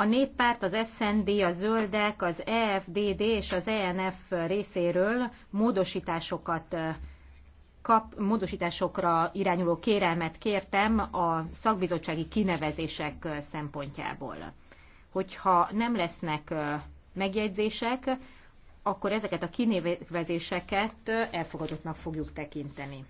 a néppárt, az SND, a zöldek, az EFDD és az ENF részéről módosításokat kap, módosításokra irányuló kérelmet kértem a szakbizottsági kinevezések szempontjából. Hogyha nem lesznek megjegyzések, akkor ezeket a kinevezéseket elfogadottnak fogjuk tekinteni.